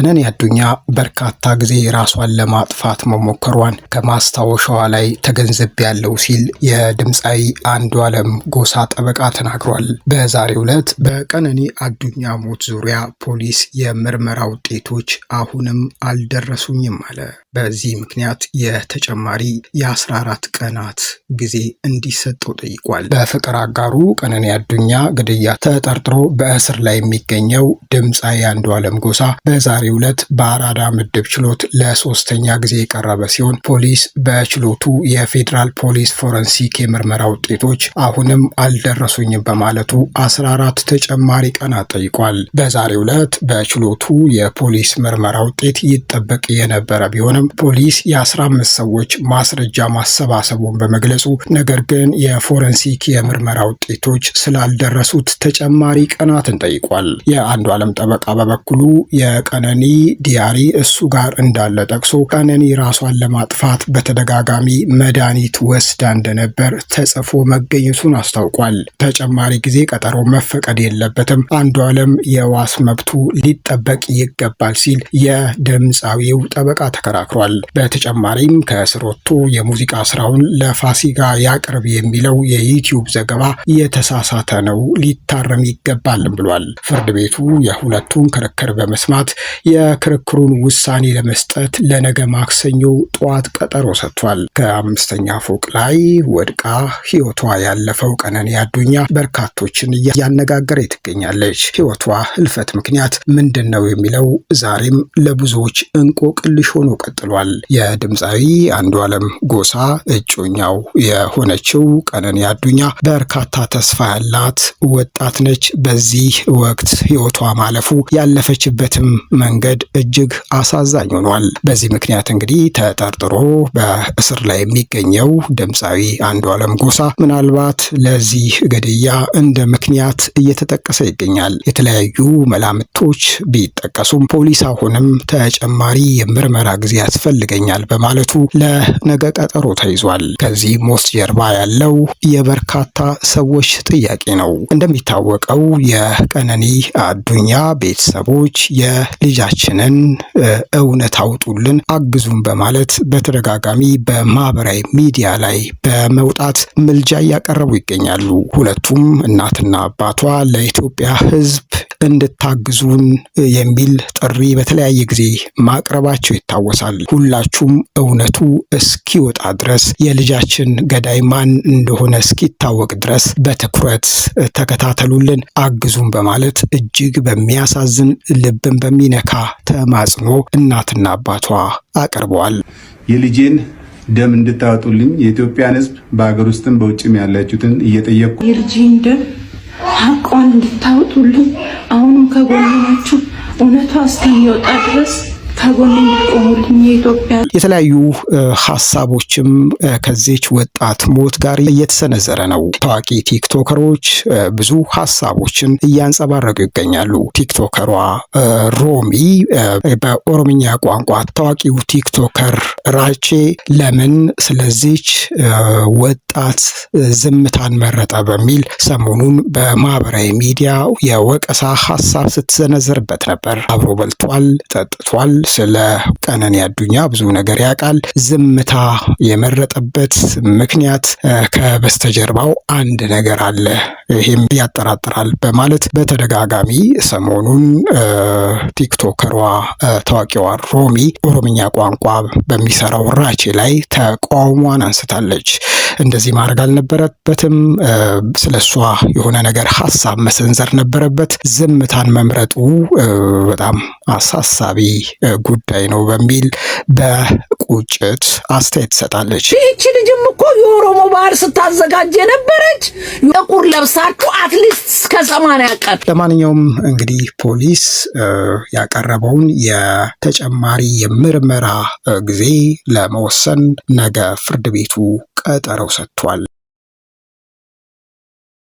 ቀነኒ አዱኛ በርካታ ጊዜ ራሷን ለማጥፋት መሞከሯን ከማስታወሻዋ ላይ ያለው ሲል የድምፃዊ አለም ጎሳ ጠበቃ ተናግሯል። በዛሬው ዕለት በቀነኒ አዱኛ ሞት ዙሪያ ፖሊስ የምርመራ ውጤቶች አሁንም አልደረሱኝም አለ። በዚህ ምክንያት የተጨማሪ የ14 ቀናት ጊዜ እንዲሰጠው ጠይቋል። በፍቅር አጋሩ ቀነኒ አዱኛ ግድያ ተጠርጥሮ በእስር ላይ የሚገኘው ድምፃዊ አንዱ አለም ጎሳ በዛሬ በዛሬው ዕለት በአራዳ ምድብ ችሎት ለሶስተኛ ጊዜ የቀረበ ሲሆን ፖሊስ በችሎቱ የፌዴራል ፖሊስ ፎረንሲክ የምርመራ ውጤቶች አሁንም አልደረሱኝም በማለቱ 14 ተጨማሪ ቀናት ጠይቋል። በዛሬው ዕለት በችሎቱ የፖሊስ ምርመራ ውጤት ይጠበቅ የነበረ ቢሆንም ፖሊስ የ15 ሰዎች ማስረጃ ማሰባሰቡን በመግለጹ ነገር ግን የፎረንሲክ የምርመራ ውጤቶች ስላልደረሱት ተጨማሪ ቀናትን ጠይቋል። የአንዱ ዓለም ጠበቃ በበኩሉ የቀነ ቀነኒ ዲያሪ እሱ ጋር እንዳለ ጠቅሶ ቀነኒ ራሷን ለማጥፋት በተደጋጋሚ መድኃኒት ወስዳ እንደነበር ተጽፎ መገኘቱን አስታውቋል። ተጨማሪ ጊዜ ቀጠሮ መፈቀድ የለበትም፣ አንዱ ዓለም የዋስ መብቱ ሊጠበቅ ይገባል ሲል የድምፃዊው ጠበቃ ተከራክሯል። በተጨማሪም ከእስር ወጥቶ የሙዚቃ ስራውን ለፋሲካ ያቅርብ የሚለው የዩቲዩብ ዘገባ የተሳሳተ ነው፣ ሊታረም ይገባልም ብሏል። ፍርድ ቤቱ የሁለቱን ክርክር በመስማት የክርክሩን ውሳኔ ለመስጠት ለነገ ማክሰኞ ጠዋት ቀጠሮ ሰጥቷል። ከአምስተኛ ፎቅ ላይ ወድቃ ሕይወቷ ያለፈው ቀነኒ አዱኛ በርካቶችን እያነጋገረ ትገኛለች። ሕይወቷ ህልፈት ምክንያት ምንድን ነው የሚለው ዛሬም ለብዙዎች እንቆቅልሽ ሆኖ ቀጥሏል። የድምፃዊ አለም ጎሳ እጮኛው የሆነችው ቀነኒ አዱኛ በርካታ ተስፋ ያላት ወጣት ነች። በዚህ ወቅት ሕይወቷ ማለፉ ያለፈችበትም መንገድ እጅግ አሳዛኝ ሆኗል። በዚህ ምክንያት እንግዲህ ተጠርጥሮ በእስር ላይ የሚገኘው ድምፃዊ አንዱዓለም ጎሳ ምናልባት ለዚህ ግድያ እንደ ምክንያት እየተጠቀሰ ይገኛል። የተለያዩ መላምቶች ቢጠቀሱም ፖሊስ አሁንም ተጨማሪ የምርመራ ጊዜ ያስፈልገኛል በማለቱ ለነገ ቀጠሮ ተይዟል። ከዚህ ሞት ጀርባ ያለው የበርካታ ሰዎች ጥያቄ ነው። እንደሚታወቀው የቀነኒ አዱኛ ቤተሰቦች የልጅ ልጃችንን እውነት አውጡልን፣ አግዙን በማለት በተደጋጋሚ በማህበራዊ ሚዲያ ላይ በመውጣት ምልጃ እያቀረቡ ይገኛሉ። ሁለቱም እናትና አባቷ ለኢትዮጵያ ሕዝብ እንድታግዙን የሚል ጥሪ በተለያየ ጊዜ ማቅረባቸው ይታወሳል። ሁላችሁም እውነቱ እስኪወጣ ድረስ የልጃችን ገዳይ ማን እንደሆነ እስኪታወቅ ድረስ በትኩረት ተከታተሉልን፣ አግዙን በማለት እጅግ በሚያሳዝን ልብን በሚነካ ተማጽኖ እናትና አባቷ አቅርበዋል። የልጄን ደም እንድታወጡልኝ የኢትዮጵያን ሕዝብ በሀገር ውስጥም በውጭም ያላችሁትን እየጠየቅኩ የልጄን ደም ሀቋን እንድታወጡልኝ አሁንም ከጎናችሁ እውነቷ እስከሚወጣ ድረስ ከጎን የሚቆሙልኝ የኢትዮጵያ የተለያዩ ሀሳቦችም ከዚች ወጣት ሞት ጋር እየተሰነዘረ ነው። ታዋቂ ቲክቶከሮች ብዙ ሀሳቦችን እያንጸባረቁ ይገኛሉ። ቲክቶከሯ ሮሚ በኦሮምኛ ቋንቋ ታዋቂው ቲክቶከር ራቼ ለምን ስለዚች ወጣት ዝምታን መረጠ በሚል ሰሞኑን በማህበራዊ ሚዲያ የወቀሳ ሀሳብ ስትሰነዘርበት ነበር። አብሮ በልቷል፣ ጠጥቷል፣ ስለ ቀነኒ አዱኛ ብዙ ነገር ያውቃል። ዝምታ የመረጠበት ምክንያት ከበስተጀርባው አንድ ነገር አለ፣ ይህም ያጠራጥራል በማለት በተደጋጋሚ ሰሞኑን ቲክቶከሯ ታዋቂዋ ሮሚ ኦሮምኛ ቋንቋ በሚሰራው ራቼ ላይ ተቃውሟን አንስታለች። እንደዚህ ማድረግ አልነበረበትም፣ ስለ እሷ የሆነ ነገር ሀሳብ መሰንዘር ነበረበት። ዝምታን መምረጡ በጣም አሳሳቢ ጉዳይ ነው በሚል በቁጭት አስተያየት ትሰጣለች። ይህቺ ልጅም እኮ የኦሮሞ ባህል ስታዘጋጅ የነበረች ጥቁር ለብሳችሁ አትሊስት እስከ ሰማንያ ቀን። ለማንኛውም እንግዲህ ፖሊስ ያቀረበውን የተጨማሪ የምርመራ ጊዜ ለመወሰን ነገ ፍርድ ቤቱ ቀጠረው ሰጥቷል።